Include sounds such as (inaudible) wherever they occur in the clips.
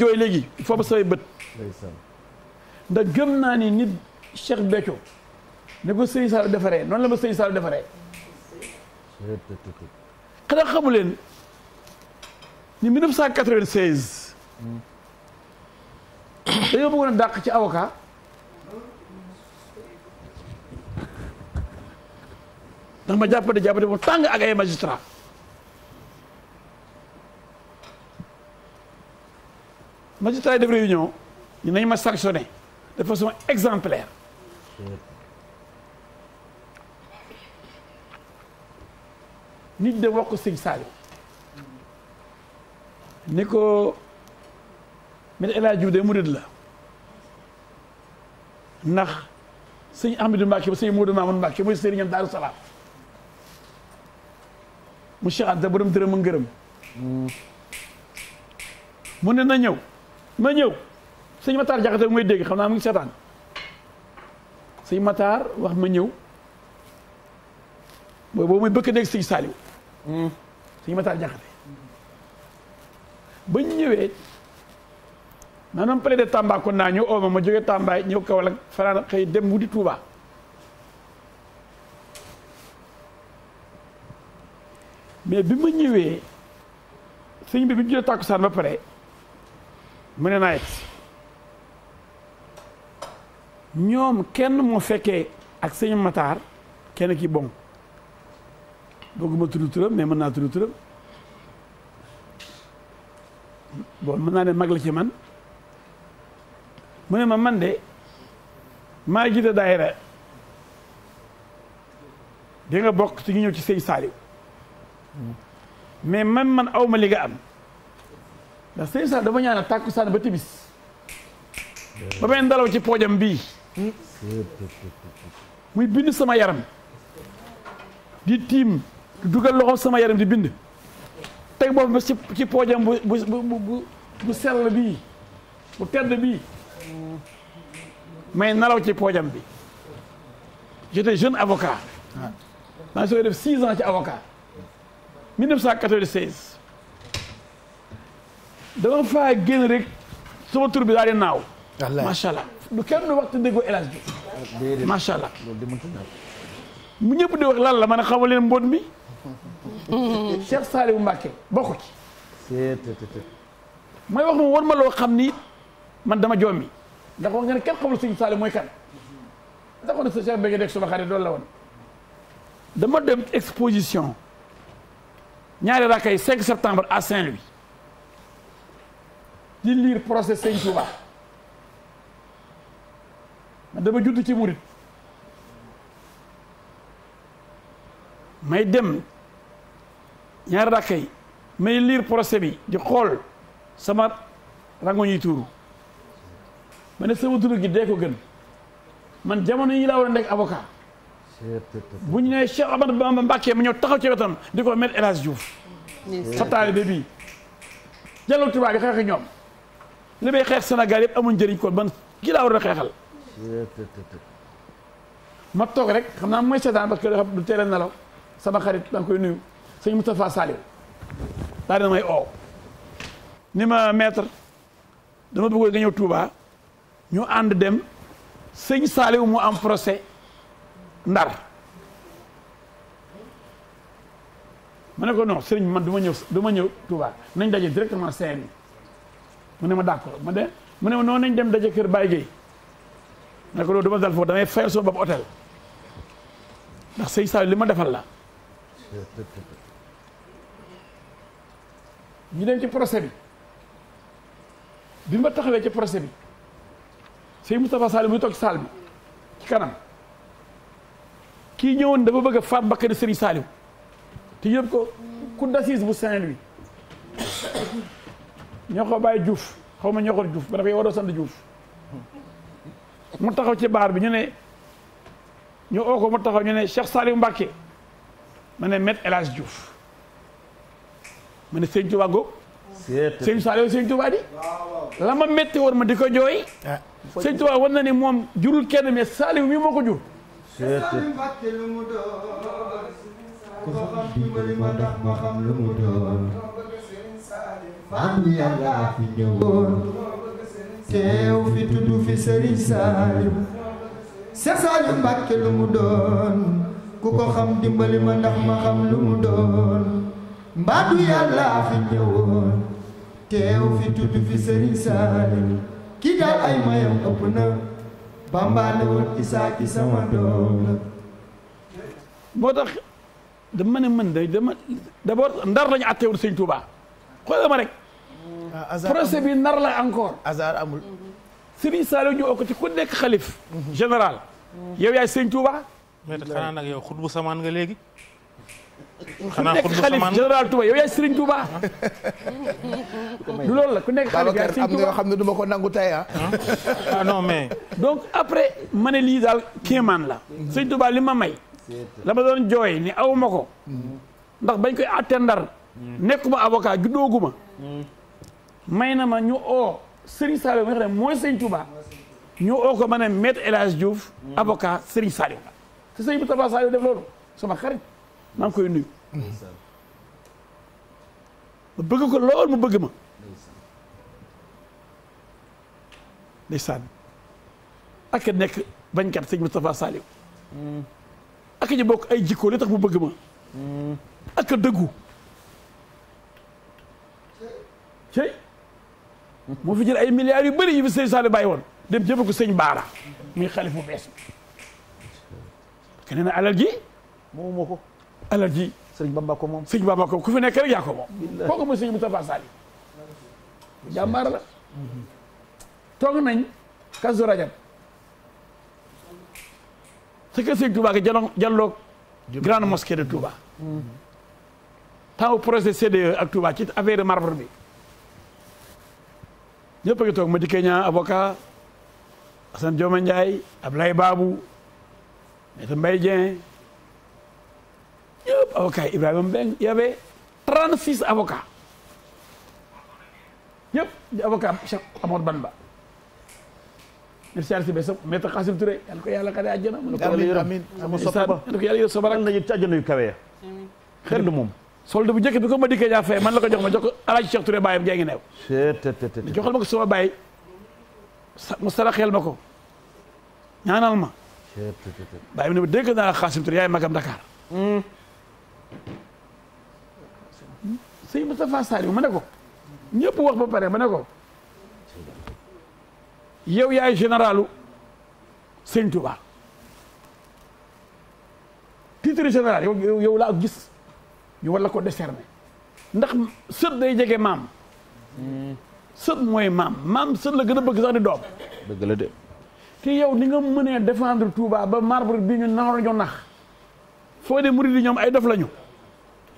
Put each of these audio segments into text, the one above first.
jooy léegi foofu samay bët ndax gëm naa ni nit Cheikh Béthio ne ko sëñ Sall defaree noonu la ma sëñ Sall defaree xanaa xamu leen ni 1996 dañoo bëggoon a dàq ci avocat ndax ma jàppate jàppate bu tàng ak ay magistrat magistrat yi def réunion ñu nañ ma sanctionné de façon nit de wax ko sëñ Saliou ni ko Me El Hadji Diouf de murid la ndax sëñ Ahmadou Mbacké ba sëñ Modou Mamoun Mbacké mooy sëriñam Daaru Salaam mu Cheikh Anta borom dërëm ngërëm mm. mu ne na ñëw ma ñëw sëñ Matar Jaxate mooy dégg xam naa mu ngi seetaan sëñ Matar wax ma ñëw mooy boobu muy bëkk nekk sëñ Saaliw hmm. sëñ Matar Jaxate ba ñu ñëwee maanaam pale de Tamba kon naa ñu ooma ma jógee Tamba ñëw Kaolack fanaan xëy dem wuti Touba mais bi ma ñëwee sëñ bi bi ñu jëlee tàkkusaan ba pare mu ne naa yegg ñoom kenn moo fekkee ak sëñ Matar kenn ki bon bëgguma tudd turam mais mën naa tudd turam mën naa ne mag la ci man mu ne ma man de maa jiite daayira di nga bokk ci ñu ñëw ci sëñ Saliou hmm. mais man man awma li nga am ndax sëñ Sall dafa ñaanal ba tibis ba may ndalaw ci poojam bii muy bind sama yaram di tiim di dugal loxo sama yaram di bind teg bopp ba ci ci poojam bu bu bu bu sell bii bu tedd bii may nalaw ci poojam bi j'étais jeune avocat ah. maa ngi soog def six ans ci avocat 1996 dama faa génn rek sama tur bi daal di naaw. macha allah du kenn du waxtu déggoo El Hadj Diouf. macha allah. mu ñëpp di wax lan la man xamal leen mboot mi. (laughs) Cheikh Saliou Mbacké bokku ci. may wax moom war ma loo xam ni man dama jommi ndax wax nga ne kenn xamul sëñ Saliou mooy kan. ndax wax na sa Cheikh Bégué dégg sama xarit loolu la woon. dama dem exposition ñaaree rakkay 5 septembre à saint di liir procès Sëñ Touba man dama judd ci murit may dem ñaari rakk yi may lire procès bi di xool sama rango ñuy tuuru ma ne sama tuuru gi dee ko gën man jamono yii laa war a nekk avocat bu ñu nee Cheikh Ahmadou Bamba Mbacké mu ñëw taxaw ci wetam di ko met El Hadj Diouf sa bii jàlloo tubaab bi xeex ñoom li may xeex Sénégal yëpp amuñ njëriñ kon man kii war a xeexal. ma toog rek xam naa mooy seetaan parce que du teel a nelaw sama xarit maa ngi koy nuyu sëñ Moustapha Saliou daal dina ma maître dama bëggoon nga ñëw Touba ñu ànd dem sëñ Saliou mu am procès ndar ma ne ko non sëriñ man du ma ñëw du ñëw Touba nañ daje directement CNI. mu ne ma d'accord ma ne mu ne ma noonu nañ dem daje kër Baye Gueye ne ko loolu du ma dal foofu damay fayal sama bopp hôtel ndax sëy saa li ma defal la ñu dem ci procès bi bi ma taxawee ci procès bi sëy Moustapha Sall mu toog ci saal bi ci kanam kii ñëwoon dafa bëgg a faat bakkani Serigne Saliou te yëpp ko cour d'assises bu Saint-Louis ñoo ko bàyyi Diouf xaw ma ñoo ko Diouf ba dafa waroo sant Diouf mu taxaw ci baar bi ñu ne ñu oo ko mu taxaw ñu ne Cheikh Saliou Mbacké ma ne Maître El Hadj Diouf ma ne Sëñ Tuubaa góob. Sëñ Saliou Sëñ Tuubaa di. la ma métti woon ma di ko jooy. Ah. Sëñ Tuubaa war na ni moom jurul kenn mais Saliou mii moo ko jur. maam yàlla fi ñëwoon teew fi tudd fi sëriñ Saliou Seex Saliou Mbàkke lu mu doon ku ko xam dimbali ma ndax ma xam lu mu doon mbaadu yàlla fi ñëwoon teew fi tudd fi sëriñ Saliou ki daal ay mayam ëpp na Bamba ne woon Isaa sama doom la moo tax dama ne mën day dama d'abord ndar lañu àtteewul Sëñ Tuubaa xoolal ma rek Ah, procès bi nar la encore. hasard amul. Serigne ci ku nekk xalif. Mhm. général. yow yaay sëñ Touba. mais xanaa nag yow xutbu samaan nga léegi. xanaa xutbu samaan ku nekk xalif yaay Serigne Touba. Ah. (laughs) du loolu la ku nekk xalif yaay Serigne Touba xam ne du ma ko nangu tey ah. ah. non mais. donc après ma ne la. Mhm. li ma may. lama ma doon jooy ni aw ma ko. Mhm. ndax bañ koy attendar. nekkuma avocat juddooguma. may na ma ñu oo Serigne Saliou mi nga xam ne mooy Serigne Touba ñu oo ko ma ne maître El Hadj Diouf avocat Serigne te Serigne Moustapha Saliou def loolu sama xarit maa ngi koy nuyu ma bëgg ko lool mu bëgg ma ndeysaan ak a nekk bañkat Serigne Moustapha Saliou ak ñu bokk ay tax mu bëgg ma ak a dëggu moo fi jël ay milliards yu bëri yi fi sëñ Saliou bàyyi woon dem jëfe ko sëñ Baara muy xalif bu bees bi ke nee na alal ji moomu sëñ Bamba ko moom sëñ Bamba ko ku fi nekk rek yaa ko moom kooku mooy sëñ Moustapha Saliou jàmbaar la toog nañ Kazu Rajab te que sëñ Touba ga jalo jàlloog grande mosquée de Touba mm-hmm. temps projet CDE ak Touba ci affaire de marbre bi ñëpp a ngi toog Madické Niang avocat Assane Dioma Ndiaye Ablaye Babou Maître Mbaye Dieng ñëpp avocat yi Ibrahima Mbeng y avait trente six avocats ñëpp di avocat Cheikh Amadou Bamba ñëpp si àll si bés Maître Xasim Touré yal na ko yàlla xare àjjana. amiin amiin sama soppi ba yal na ko yàlla yërëm sa barak. yal na ñu ci àjjana yu kawe ya. xel moom. solde bu njëkk bi ko ma dikkee jaa fay man la ko jox ma jox ko alaaji Cheikh Touré bàyyam jaa ngi neew joxal ma ko sama bàyyi mu saraxeel ma ko ñaanal ma bàyyi mu ne ma dégg naa la Xaasim Touré yaay magam Dakar sëñ Moustapha Saliou ma ne ko ñëpp wax ba pare ma ne ko yow yaay généralu sëñ Touba titre général yow yow laa gis ñu war la ko décerner ndax sët day jege maam. sët mooy maam maam sët la gën a bëgg sax di doom. dëgg la de. yow ni nga mënee défendre Touba ba marbre bi ñu naroon ñu nax foo de murid yi ñoom ay dof lañu.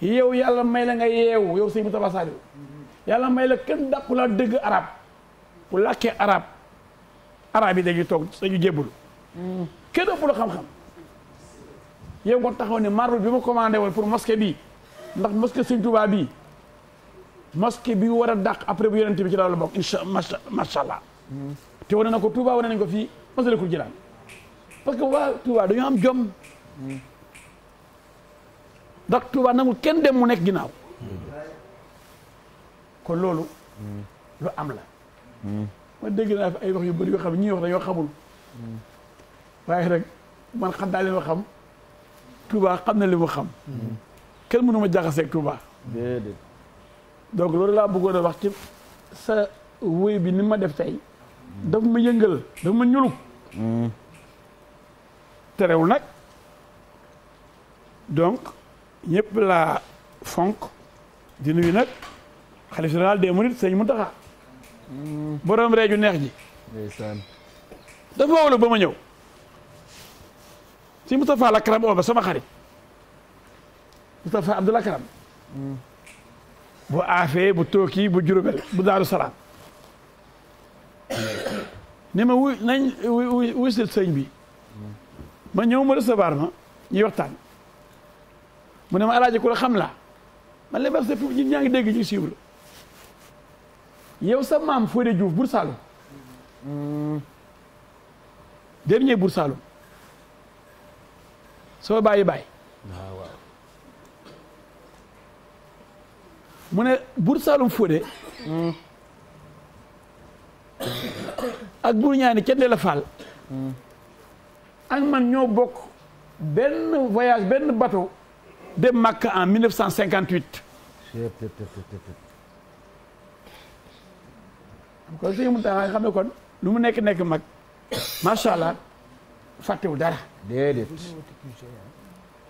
yow yàlla may la nga yeewu yow sëñ Moustapha Saliou yàlla may la kenn dàqu dégg arab bu làkkee arab arab yi dañuy toog dañu jébbalu kenn ëpp la xam-xam yow nga taxaw ne marbre bi ma commandé woon pour mosquée bii. ndax mosquée Sëñ Tuubaa bi mosquée bi war a dàq après bu yonent bi ci daal la bokk incha macha allah. Mm-hmm. te wane na ko Touba wane nañ ko fii Masalikul Jinaan parce que waa Touba dañoo am jom. Mm-hmm. ndax na mu kenn dem mu nekk ginnaaw. Mm-hmm. kon loolu. lu am la. ma dégg naa fi ay wax yu bëri yoo xam ne ñii wax dañoo xamul. waaye rek man xam naa xam na li mu xam. kenn mënu ma jaxaseeg Touba. déedéet. donc loolu laa bëggoon a wax ci sa woy bi ni ma def tey. daf ma yëngal daf ma ñuluk hmm. terewul nag donc ñëpp laa fonk di nuyu nag xalif général des mourides sëñ Mountakha hmm. borom reeju neex ji ndeysaan dafa wowlu ba ma ñëw si Moustapha la karam oba sama xarit Moustapha Abdoulaye Karam bu aafee bu tooki bu Jurbel bu Daaru Salaam ne ma wuy wuy si sëñ bi ma ñëw ma recevoir ma ñuy waxtaan mu ne ma alaaji ku la ma laa man lépp sa ñun ñaa ngi dégg ñu suivre yow sa maam Fodé Diouf Bour Saloum dernier Bour Saloum soo bàyyi bàyyi ah, waaw mu ne Buur Saalum Fodé ak Buur Ñaani Cendé la Faal ak man ñoo bokk benn voyage benn bateau dem Makka en 1958. kon suñu mun taxaa nga xam kon lu mu nekk nekk mag macha allah fàttewul dara.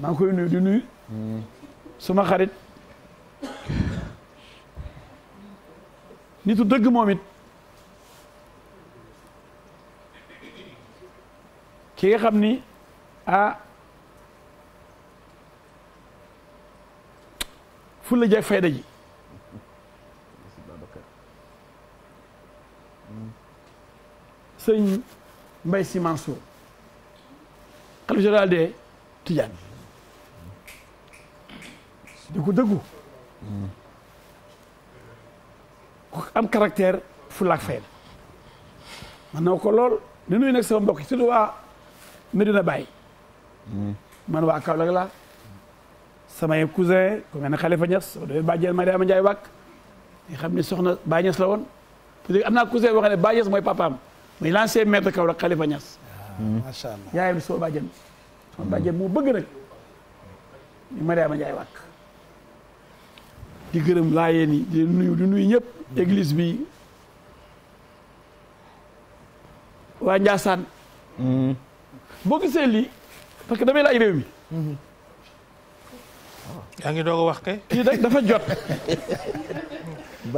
maa koy nuyu di nuyu. Hmm. suma xarit. nitu dëgg moomit it ki nga xam ni ah fulla jeeg fayda ji sëñ Mbaye Sy Mansour xalif de Tidiane di ko dëggu am caractère fulla ak fayda man na ko lool di nuyu nag sama mbokk yi surtout waa Medina Baye man waa Kaolack laa samay cousin ku mel ne Khalifa Niass sama doom bàjjen Mariama Ndiaye Wack nga xam ne soxna ba Niass la woon parce que am naa cousin boo xam ne Baye Niass mooy papaam muy l'ancien maire de Kaolack Khalifa Niass macha allah yaayam di sama bàjjen sama bàjjen moo bëgg nag ñu Mariama Ndiaye Wack di gërëm laayeen yi di nuyu di nuyu ñëpp église bi waa Njaasaan mm-hmm. boo gisee lii parce que damay laaj réew mi mm-hmm. yaa ngi doog wax kay dafa jot (laughs)